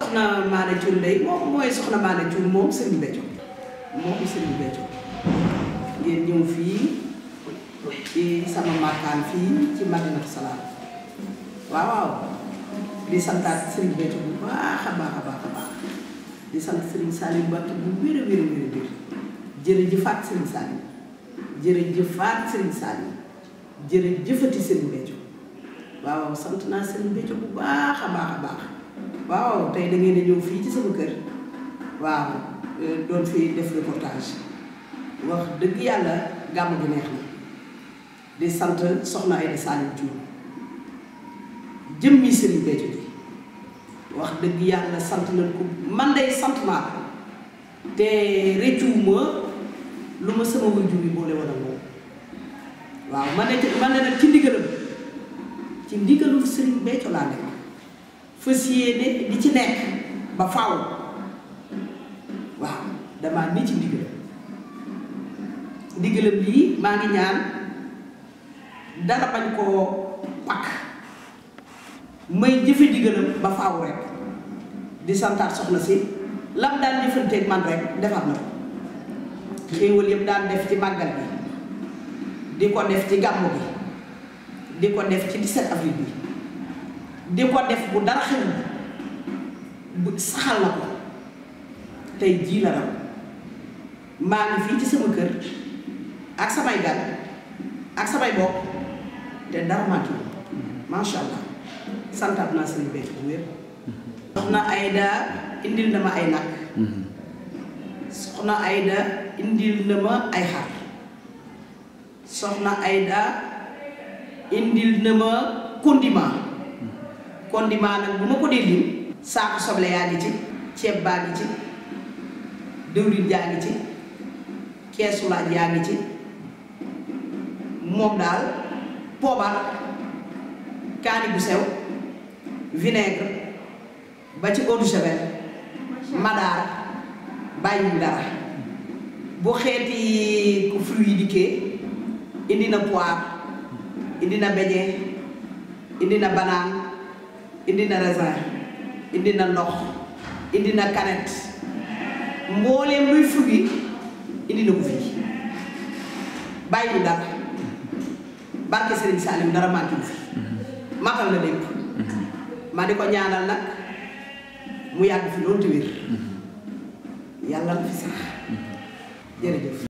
soxna Maane Cuun day moom fii ci sama fii ci Madinatu Salaam waaw waaw di a baax a baax a baax di sant Sëriñ Salim Mbàkke bu wér a wér a wér a wér jërëjëfaat Sëriñ Salim jërëjëfaat Sëriñ waaw sant naa Sëriñ Béthio bu baax a baax a baax waaw tey da ñëw fii ci sama kër waaw e, doon fi def reportage wax dëgg yàlla gàmm gi neex na di sant soxna Aïda Saliou Diouf jëmmi Serigne Béthio bi wax dëgg yàlla sant nañ man day sant naa ko te rëccuwuma lu ma sama wujju bi boole wala moom waaw man de man de nag ci ndigalam ci ndigalul Serigne Béthio laa nekk fas yéene di ci nekk ba faaw waaw damaa ni ci ndigalam ndigalam lii maa ngi ñaan dara bañ koo pakk may jëfe ndigalam ba faaw rek di santaat soxna si lam daan jëfanteeg man rek defar na ko yëpp daan def ci màggal bi di ko def ci gàmmu bi di ko def ci 17 avril bi di ko def bu dara xewul bu saxal la ko tey jii la raw maa ngi fii ci sama kër ak samay gan ak samay bokk te dara maatu macha allah santaat naa seen béy bu wér. soxna Aida indil na ma ay nag. soxna Aida indil na ma ay xar. soxna Aida indil na ma condiment. kon nag bu ma ko dee lim saaku soble yaa ci ceeb baa ci diwlin yaa ngi ci keesu laaj yaa ci moom daal poobar kaani bu sew vinaigre ba ci eau de javel madaar bàyyiwul dara bu xeeti fruit yi dikkee indi na poire indi na beñe indi na banaan indi na raisin indi na ndox indi na canette mbooleem luy fruit indi na ko fii bàyyi dara barke Serigne Salim dara màgg fi matal na lépp ma di ko ñaanal nag mu yàgg fi loolu te yàlla na fi sax jërëjëf